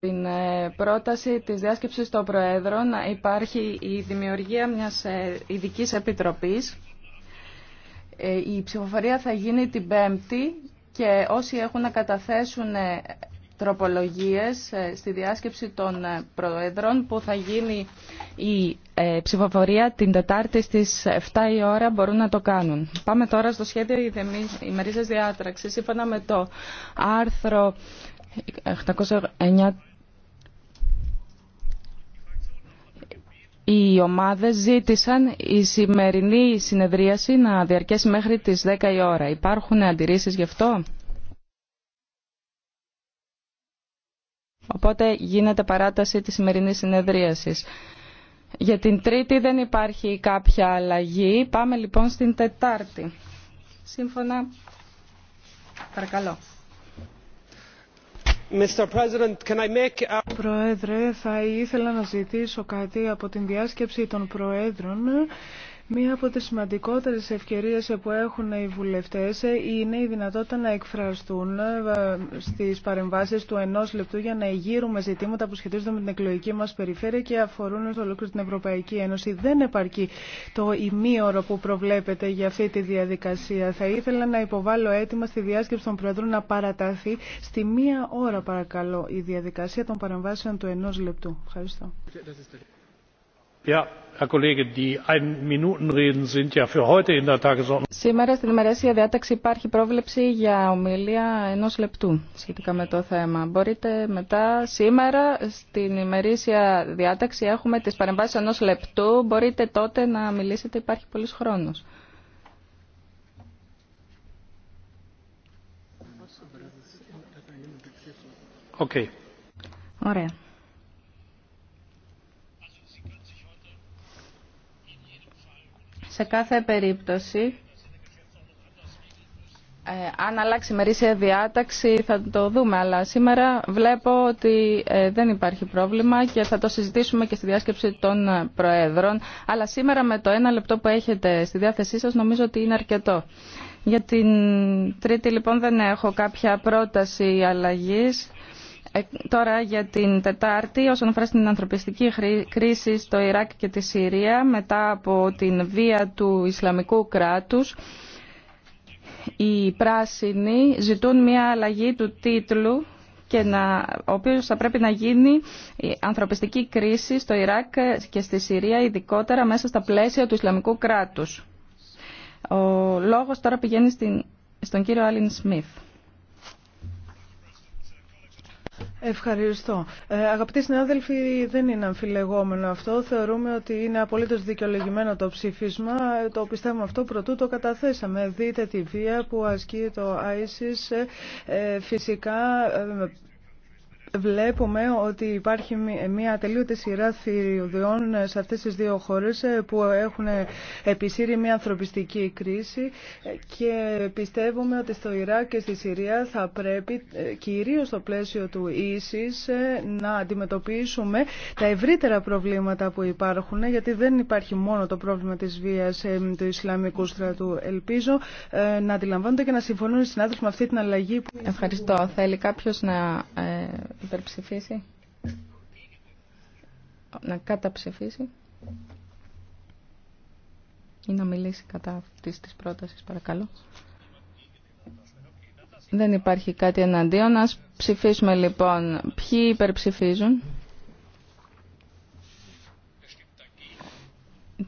την ε, πρόταση της διάσκεψης των Προέδρων να υπάρχει η δημιουργία μιας ε, ειδική επιτροπής. Ε, η ψηφοφορία θα γίνει την Πέμπτη και όσοι έχουν να καταθέσουν τροπολογίες στη διάσκεψη των Προέδρων που θα γίνει η ψηφοφορία την Τετάρτη στις 7 η ώρα μπορούν να το κάνουν. Πάμε τώρα στο σχέδιο ημερίζες διάτραξης. Σύμφωνα με το άρθρο 809 οι ομάδες ζήτησαν η σημερινή συνεδρίαση να διαρκέσει μέχρι τις 10 η ώρα. Υπάρχουν αντιρρήσεις γι' αυτό? Οπότε γίνεται παράταση της σημερινής συνεδρίασης. Για την Τρίτη δεν υπάρχει κάποια αλλαγή. Πάμε λοιπόν στην Τετάρτη. Σύμφωνα. Παρακαλώ. Πρόεδρε, θα ήθελα να ζητήσω κάτι από την διάσκεψη των Προέδρων Μία από τις σημαντικότερες ευκαιρίες που έχουν οι βουλευτές είναι η δυνατότητα να εκφραστούν ε, στις παρεμβάσεις του ενός λεπτού για να εγείρουμε ζητήματα που σχετίζονται με την εκλογική μας περιφέρεια και αφορούν σε ολόκληρη την Ευρωπαϊκή Ένωση. Δεν επαρκεί το ημίωρο που προβλέπεται για αυτή τη διαδικασία. Θα ήθελα να υποβάλω έτοιμα στη διάσκεψη των Προεδρών να παραταθεί στη μία ώρα παρακαλώ η διαδικασία των παρεμβάσεων του ενός λεπτού. Ευχαριστώ. Σήμερα στην ημερήσια διάταξη υπάρχει πρόβλεψη για ομιλία ενός λεπτού σχετικά με το θέμα. Μπορείτε μετά, σήμερα στην ημερήσια διάταξη έχουμε τις παρεμβάσεις ενός λεπτού. Μπορείτε τότε να μιλήσετε, υπάρχει πολλής χρόνος. Okay. Ωραία. Σε κάθε περίπτωση, ε, αν αλλάξει η μερίσια διάταξη θα το δούμε, αλλά σήμερα βλέπω ότι ε, δεν υπάρχει πρόβλημα και θα το συζητήσουμε και στη διάσκεψη των Προέδρων. Αλλά σήμερα με το ένα λεπτό που έχετε στη διάθεσή σας νομίζω ότι είναι αρκετό. Για την τρίτη λοιπόν δεν έχω κάποια πρόταση αλλαγής. Ε, τώρα για την Τετάρτη όσον αφορά στην ανθρωπιστική κρίση στο Ιράκ και τη Συρία μετά από την βία του Ισλαμικού κράτους οι πράσινοι ζητούν μια αλλαγή του τίτλου και να, ο οποίος θα πρέπει να γίνει η ανθρωπιστική κρίση στο Ιράκ και στη Συρία ειδικότερα μέσα στα πλαίσια του Ισλαμικού κράτους. Ο λόγος τώρα πηγαίνει στην, στον κύριο Άλιν Σμιθ. Ευχαριστώ. Ε, αγαπητοί συνάδελφοι, δεν είναι αμφιλεγόμενο αυτό. Θεωρούμε ότι είναι απολύτω δικαιολογημένο το ψήφισμα. Ε, το πιστεύουμε αυτό πρωτού το καταθέσαμε. Δείτε τη βία που ασκεί το ISIS. Ε, ε, φυσικά Βλέπουμε ότι υπάρχει μια τελείωτη σειρά θηριωδιών σε αυτές τις δύο χώρες ε, που έχουν επισύρει μια ανθρωπιστική κρίση ε, και πιστεύουμε ότι στο Ιράκ και στη Συρία θα πρέπει ε, κυρίως στο πλαίσιο του ίσης να αντιμετωπίσουμε τα ευρύτερα προβλήματα που υπάρχουν γιατί δεν υπάρχει μόνο το πρόβλημα της βίας του Ισλαμικού στρατού. Ελπίζω να αντιλαμβάνονται και να συμφωνούν οι συνάδελφοι με αυτή την αλλαγή. Που... Ευχαριστώ. Θέλει κάποιο να υπερψηφίσει, να καταψηφίσει ή να μιλήσει κατά αυτής της πρότασης, παρακαλώ. Δεν υπάρχει κάτι εναντίον. Ας ψηφίσουμε λοιπόν ποιοι υπερψηφίζουν.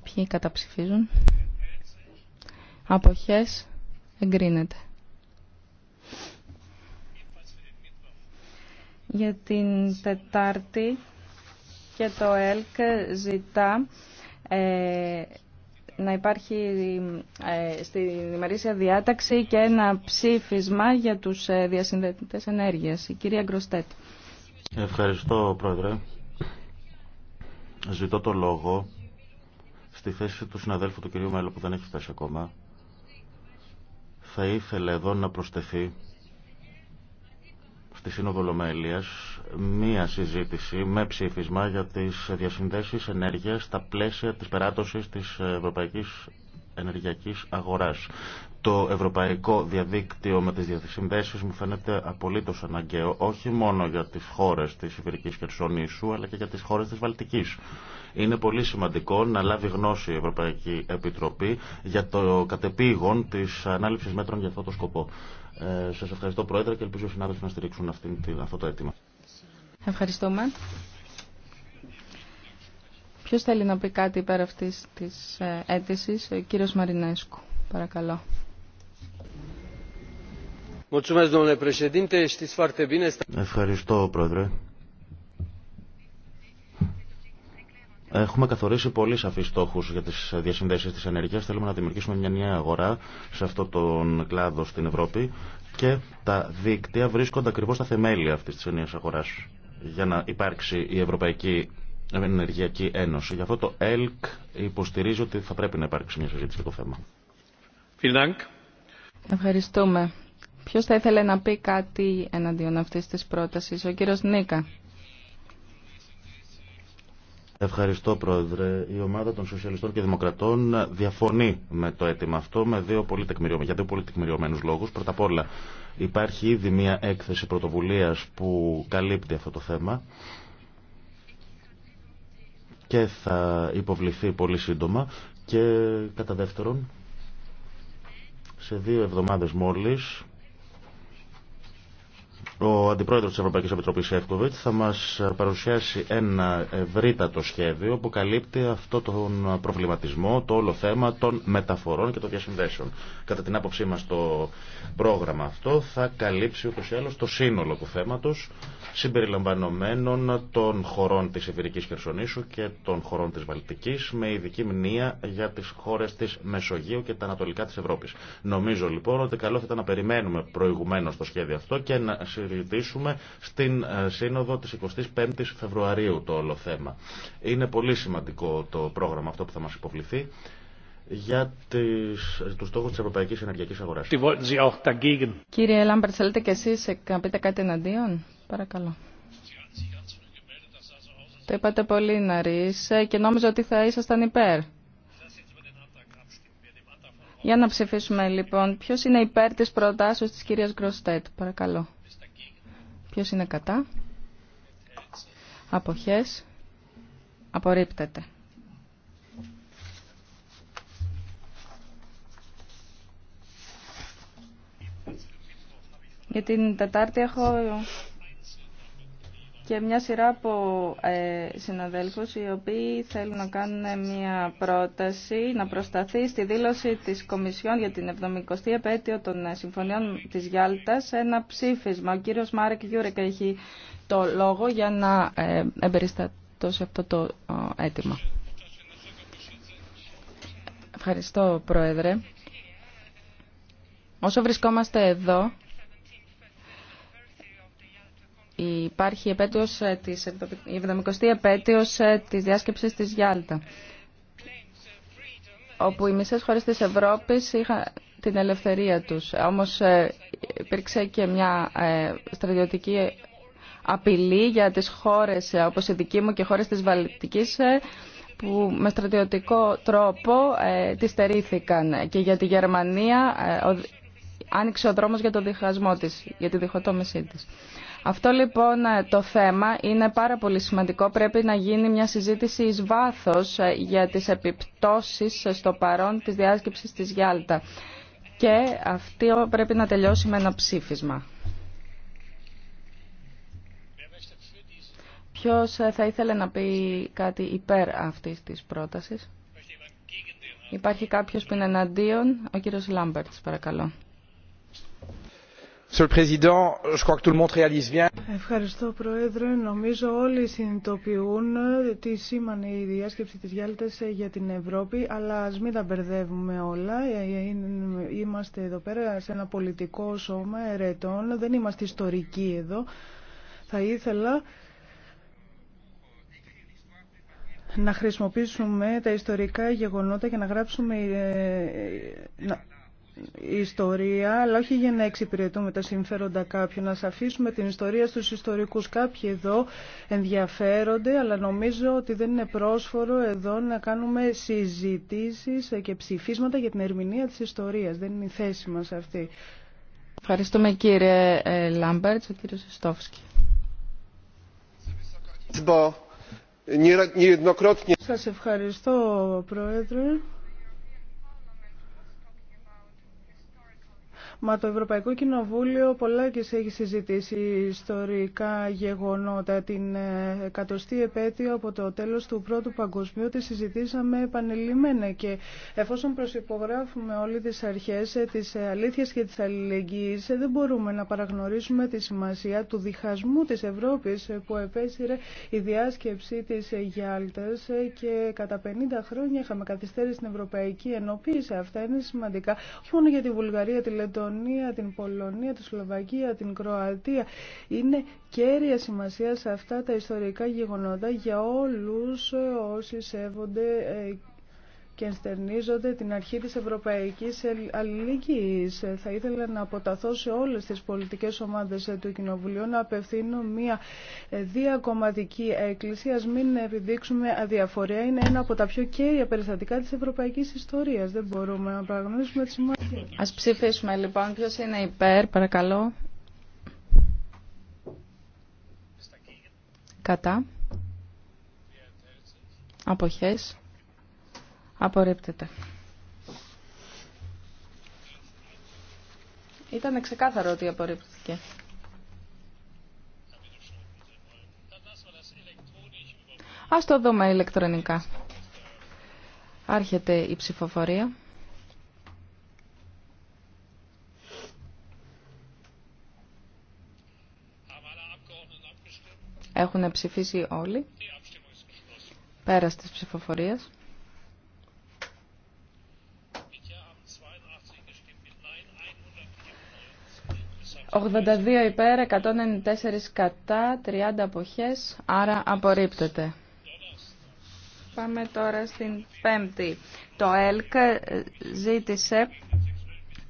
Ποιοι καταψηφίζουν. Αποχές εγκρίνεται. Για την Τετάρτη και το ΕΛΚ ζητά ε, να υπάρχει στη ε, στην διάταξη και ένα ψήφισμα για τους ε, διασυνδετητές ενέργειας. Η κυρία Γκροστέτ. Ευχαριστώ, Πρόεδρε. Ζητώ το λόγο στη θέση του συναδέλφου του κυρίου Μέλλου που δεν έχει φτάσει ακόμα. Θα ήθελε εδώ να προσθεθεί στη Σύνοδο Λομέλειας μία συζήτηση με ψήφισμα για τις διασυνδέσεις ενέργειας στα πλαίσια της περάτωσης της Ευρωπαϊκής Ενεργειακής Αγοράς. Το ευρωπαϊκό διαδίκτυο με τις διασυνδέσεις μου φαίνεται απολύτως αναγκαίο όχι μόνο για τις χώρες της Ιβηρικής Χερσονήσου αλλά και για τις χώρες της Βαλτικής. Είναι πολύ σημαντικό να λάβει γνώση η Ευρωπαϊκή Επιτροπή για το κατεπήγον τη ανάληψης μέτρων για αυτό το σκοπό. Ε, σας ευχαριστώ Πρόεδρε και ελπίζω οι συνάδελφοι να στηρίξουν αυτή, αυτό το αίτημα. Ευχαριστούμε. Ποιο θέλει να πει κάτι πέρα αυτή τη ε, αίτηση, ο κύριο Μαρινέσκου. Παρακαλώ. Ευχαριστώ, Πρόεδρε. Έχουμε καθορίσει πολύ σαφεί στόχου για τι διασυνδέσει τη ενέργεια. Θέλουμε να δημιουργήσουμε μια νέα αγορά σε αυτόν τον κλάδο στην Ευρώπη και τα δίκτυα βρίσκονται ακριβώ στα θεμέλια αυτή τη νέας αγορά για να υπάρξει η Ευρωπαϊκή Ενεργειακή Ένωση. Γι' αυτό το ΕΛΚ υποστηρίζει ότι θα πρέπει να υπάρξει μια συζήτηση για το θέμα. Ευχαριστούμε. Ποιο θα ήθελε να πει κάτι εναντίον αυτή τη πρόταση, ο κύριο Νίκα. Ευχαριστώ, Πρόεδρε. Η ομάδα των Σοσιαλιστών και Δημοκρατών διαφωνεί με το αίτημα αυτό με δύο πολύ για δύο πολύ λόγου. Πρώτα απ' όλα, υπάρχει ήδη μια έκθεση πρωτοβουλία που καλύπτει αυτό το θέμα και θα υποβληθεί πολύ σύντομα. Και κατά δεύτερον, σε δύο εβδομάδες μόλις ο Αντιπρόεδρος της Ευρωπαϊκής Επιτροπής Εύκοβιτ θα μας παρουσιάσει ένα ευρύτατο σχέδιο που καλύπτει αυτό τον προβληματισμό, το όλο θέμα των μεταφορών και των διασυνδέσεων. Κατά την άποψή μα το πρόγραμμα αυτό θα καλύψει ούτως ή άλλως το σύνολο του θέματος συμπεριλαμβανομένων των χωρών της Ιβηρικής Χερσονήσου και των χωρών της Βαλτική με ειδική μνήμα για τις χώρες της Μεσογείου και τα ανατολικά τη Ευρώπης. Νομίζω λοιπόν ότι καλό θα ήταν να περιμένουμε προηγουμένω το σχέδιο αυτό και να συζητήσουμε στην ε, Σύνοδο της 25ης Φεβρουαρίου το όλο θέμα. Είναι πολύ σημαντικό το πρόγραμμα αυτό που θα μας υποβληθεί για του τους στόχους της Ευρωπαϊκής Ενεργειακής Αγοράς. Κύριε Λάμπερτ, θέλετε κι εσείς ε, να πείτε κάτι εναντίον. Παρακαλώ. Το είπατε πολύ νωρίς ε, και νόμιζα ότι θα ήσασταν υπέρ. Για να ψηφίσουμε λοιπόν. Ποιος είναι υπέρ της προτάσεως της κυρίας Γκροστέτ, παρακαλώ. Ποιος είναι κατά. Αποχές. Απορρίπτεται. Για την Τετάρτη έχω και μια σειρά από ε, συναδέλφους οι οποίοι θέλουν να κάνουν μια πρόταση να προσταθεί στη δήλωση της Κομισιόν για την 70η επέτειο των ε, Συμφωνιών της Γιάλτας ένα ψήφισμα. Ο κύριος Μάρεκ Γιούρεκ έχει το λόγο για να ε, εμπεριστατώσει αυτό το αίτημα. Ευχαριστώ, Πρόεδρε. Όσο βρισκόμαστε εδώ, Υπάρχει ε, η, επέτειος, η 70η επέτειος της διάσκεψης της Γιάλτα, όπου οι μισές χώρες της Ευρώπης είχαν την ελευθερία τους. Όμως ε, υπήρξε και μια ε, στρατιωτική απειλή για τις χώρες όπως η δική μου και χώρες της Βαλτικής που με στρατιωτικό τρόπο ε, τη στερήθηκαν και για τη Γερμανία ο, άνοιξε ο δρόμος για το διχασμό της, για τη διχοτόμησή της. Αυτό λοιπόν ε, το θέμα είναι πάρα πολύ σημαντικό. Πρέπει να γίνει μια συζήτηση εις βάθος ε, για τις επιπτώσεις ε, στο παρόν της διάσκεψης της Γιάλτα. Και αυτό πρέπει να τελειώσει με ένα ψήφισμα. Ποιος θα ήθελε να πει κάτι υπέρ αυτής της πρότασης. Υπάρχει κάποιος που είναι εναντίον. Ο κύριος Λάμπερτς παρακαλώ. Ευχαριστώ, Πρόεδρε. Νομίζω όλοι συνειδητοποιούν τι σήμανε η διάσκεψη της Γιάλτας για την Ευρώπη, αλλά ας μην τα μπερδεύουμε όλα. Είμαστε εδώ πέρα σε ένα πολιτικό σώμα ερετών, δεν είμαστε ιστορικοί εδώ. Θα ήθελα να χρησιμοποιήσουμε τα ιστορικά γεγονότα και να γράψουμε... Ε, ε, ιστορία, αλλά όχι για να εξυπηρετούμε τα συμφέροντα κάποιου. Να αφήσουμε την ιστορία στους ιστορικούς. Κάποιοι εδώ ενδιαφέρονται, αλλά νομίζω ότι δεν είναι πρόσφορο εδώ να κάνουμε συζητήσεις και ψηφίσματα για την ερμηνεία της ιστορίας. Δεν είναι η θέση μας αυτή. Ευχαριστούμε κύριε ε, Λάμπερτς, ο κύριος Ιστόφσκι. Σας ευχαριστώ, Πρόεδρε. Μα το Ευρωπαϊκό Κοινοβούλιο πολλά και έχει συζητήσει ιστορικά γεγονότα. Την ε, εκατοστή επέτειο από το τέλος του Πρώτου Παγκοσμίου τη συζητήσαμε επανειλημμένα και εφόσον προσυπογράφουμε όλοι τις αρχές ε, της ε, αλήθειας και της αλληλεγγύης δεν μπορούμε να παραγνωρίσουμε τη σημασία του διχασμού της Ευρώπης που επέσυρε η διάσκεψη της Γιάλτας και κατά 50 χρόνια είχαμε καθυστέρηση στην Ευρωπαϊκή Ενωπή. Αυτά είναι σημαντικά όχι μόνο για τη Βουλγαρία, τη Λετωνία, Λετωνία, την Πολωνία, τη Σλοβακία, την Κροατία. Είναι κέρια σημασία σε αυτά τα ιστορικά γεγονότα για όλους ε, όσοι σέβονται ε, και ενστερνίζονται την αρχή της ευρωπαϊκής αλληλεγγύης. Θα ήθελα να αποταθώ σε όλες τις πολιτικές ομάδες του Κοινοβουλίου να απευθύνω μια διακομματική έκκληση. Ας μην επιδείξουμε αδιαφορία. Είναι ένα από τα πιο κέρια περιστατικά της ευρωπαϊκής ιστορίας. Δεν μπορούμε να παραγνωρίσουμε τη σημασία. Ας ψηφίσουμε λοιπόν ποιο είναι υπέρ, παρακαλώ. Κατά. Αποχές. Απορρίπτεται. Ήταν ξεκάθαρο ότι απορρίπτηκε. Ας το δούμε ηλεκτρονικά. Άρχεται η ψηφοφορία. Έχουν ψηφίσει όλοι. Πέρας της ψηφοφορίας. 82 υπέρ, 194 κατά, 30 αποχές, άρα απορρίπτεται. Πάμε τώρα στην πέμπτη. Το ΕΛΚ ε, ζήτησε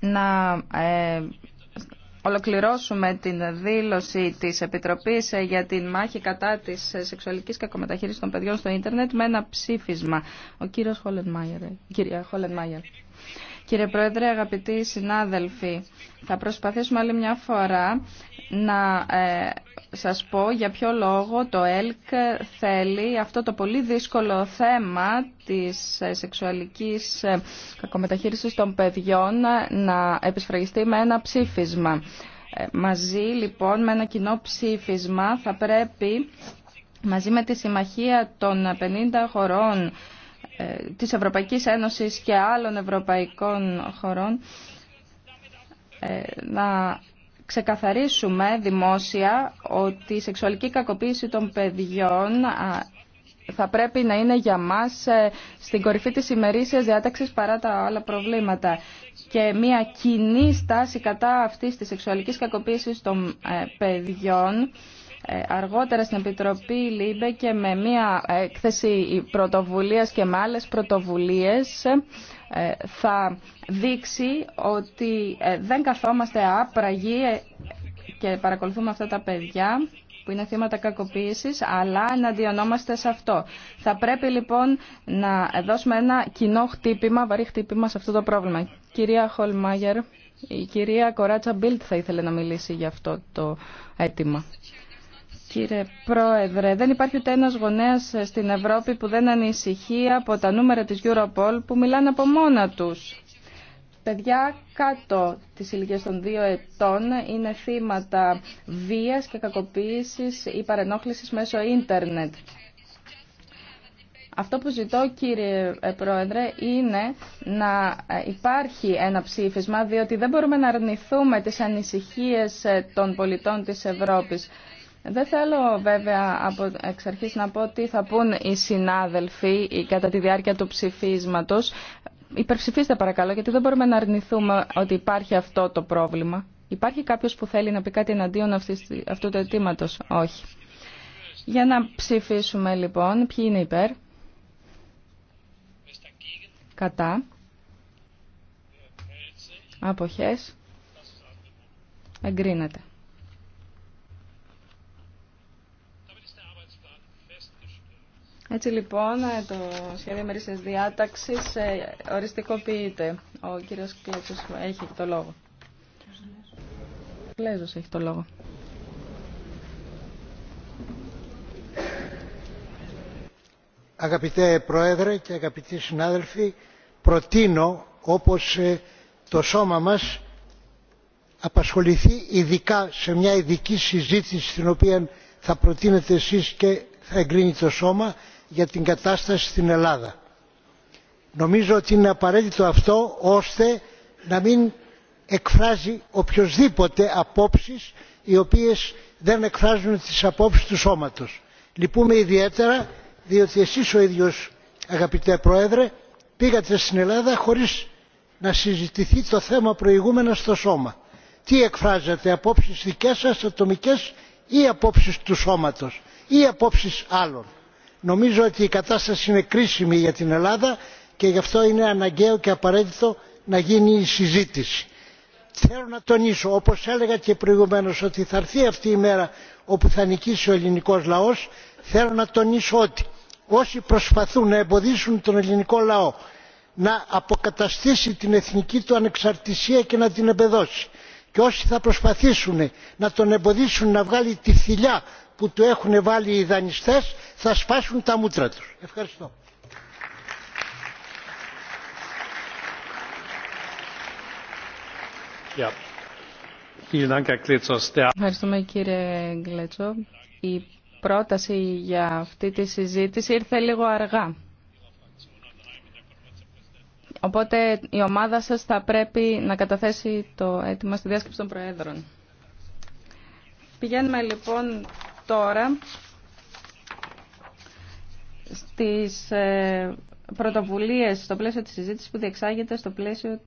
να ε, ολοκληρώσουμε την δήλωση της Επιτροπής ε, για την μάχη κατά της σεξουαλικής κακομεταχείρισης των παιδιών στο ίντερνετ με ένα ψήφισμα. Ο κύριος Χόλενμάιερ. Κυρία Κύριε Πρόεδρε, αγαπητοί συνάδελφοι, θα προσπαθήσουμε άλλη μια φορά να ε, σας πω για ποιο λόγο το ΕΛΚ θέλει αυτό το πολύ δύσκολο θέμα της ε, σεξουαλικής ε, κακομεταχείρισης των παιδιών να επισφραγιστεί με ένα ψήφισμα. Μαζί λοιπόν με ένα κοινό ψήφισμα θα πρέπει μαζί με τη Συμμαχία των 50 χωρών ε, της Ευρωπαϊκής Ένωσης και άλλων ευρωπαϊκών χωρών ε, να ξεκαθαρίσουμε δημόσια ότι η σεξουαλική κακοποίηση των παιδιών θα πρέπει να είναι για μας ε, στην κορυφή της ημερήσιας διάταξης παρά τα άλλα προβλήματα. Και μια κοινή στάση κατά αυτής της σεξουαλικής κακοποίησης των παιδιών ε, αργότερα στην Επιτροπή ΛΥΜΠΕ και με μια έκθεση πρωτοβουλίας και με άλλες πρωτοβουλίες ε, θα δείξει ότι ε, δεν καθόμαστε άπραγοι και παρακολουθούμε αυτά τα παιδιά που είναι θύματα κακοποίησης, αλλά εναντιονόμαστε σε αυτό. Θα πρέπει λοιπόν να δώσουμε ένα κοινό χτύπημα, βαρύ χτύπημα σε αυτό το πρόβλημα. Κυρία Χολμάγερ, η κυρία Κοράτσα Μπίλτ θα ήθελε να μιλήσει για αυτό το αίτημα. Κύριε Πρόεδρε, δεν υπάρχει ούτε ένας γονέας ε, στην Ευρώπη που δεν ανησυχεί από τα νούμερα της Europol που μιλάνε από μόνα τους. Παιδιά κάτω της ηλικία των δύο ετών είναι θύματα βίας και κακοποίησης ή παρενόχλησης μέσω ίντερνετ. Αυτό που ζητώ κύριε ε, Πρόεδρε είναι να ε, υπάρχει ένα ψήφισμα διότι δεν μπορούμε να αρνηθούμε τις ανησυχίες των πολιτών της Ευρώπης. Δεν θέλω βέβαια από εξ αρχής να πω τι θα πούν οι συνάδελφοι κατά τη διάρκεια του ψηφίσματος. Υπερψηφίστε παρακαλώ, γιατί δεν μπορούμε να αρνηθούμε ότι υπάρχει αυτό το πρόβλημα. Υπάρχει κάποιος που θέλει να πει κάτι εναντίον αυτού του αιτήματο. Όχι. Για να ψηφίσουμε λοιπόν, ποιοι είναι υπέρ. Κατά. Αποχές. Εγκρίνεται. Έτσι λοιπόν ε, το σχέδιο μερίσιας διάταξης ε, οριστικοποιείται. Ο κύριος Κλέτσος έχει το λόγο. Κλέζος έχει το λόγο. Αγαπητέ Πρόεδρε και αγαπητοί συνάδελφοι, προτείνω όπως ε, το σώμα μας απασχοληθεί ειδικά σε μια ειδική συζήτηση στην οποία θα προτείνετε εσείς και θα εγκρίνει το σώμα για την κατάσταση στην Ελλάδα. Νομίζω ότι είναι απαραίτητο αυτό ώστε να μην εκφράζει οποιοδήποτε απόψεις οι οποίες δεν εκφράζουν τις απόψεις του σώματος. Λυπούμε ιδιαίτερα διότι εσείς ο ίδιος αγαπητέ Πρόεδρε πήγατε στην Ελλάδα χωρίς να συζητηθεί το θέμα προηγούμενα στο σώμα. Τι εκφράζατε, απόψεις δικές σας, ατομικές ή απόψεις του σώματος ή απόψεις άλλων. Νομίζω ότι η κατάσταση είναι κρίσιμη για την Ελλάδα και γι' αυτό είναι αναγκαίο και απαραίτητο να γίνει η συζήτηση. Θέλω να τονίσω, όπως έλεγα και προηγουμένως, ότι θα έρθει αυτή η μέρα όπου θα νικήσει ο ελληνικός λαός. Θέλω να τονίσω ότι όσοι προσπαθούν να εμποδίσουν τον ελληνικό λαό να αποκαταστήσει την εθνική του ανεξαρτησία και να την εμπεδώσει και όσοι θα προσπαθήσουν να τον εμποδίσουν να βγάλει τη θηλιά που του έχουν βάλει οι δανειστές θα σπάσουν τα μούτρα τους. Ευχαριστώ. Ευχαριστούμε κύριε Γκλέτσο. Η πρόταση για αυτή τη συζήτηση ήρθε λίγο αργά. Οπότε η ομάδα σας θα πρέπει να καταθέσει το αίτημα στη διάσκεψη των Προέδρων. Πηγαίνουμε λοιπόν τώρα στις ε, πρωτοβουλίες στο πλαίσιο της συζήτησης που διεξάγεται στο πλαίσιο